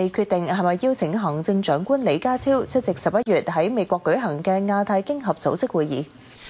未決定係咪邀請行政長官李家超出席十一月喺美國舉行嘅亞太經合組織會議。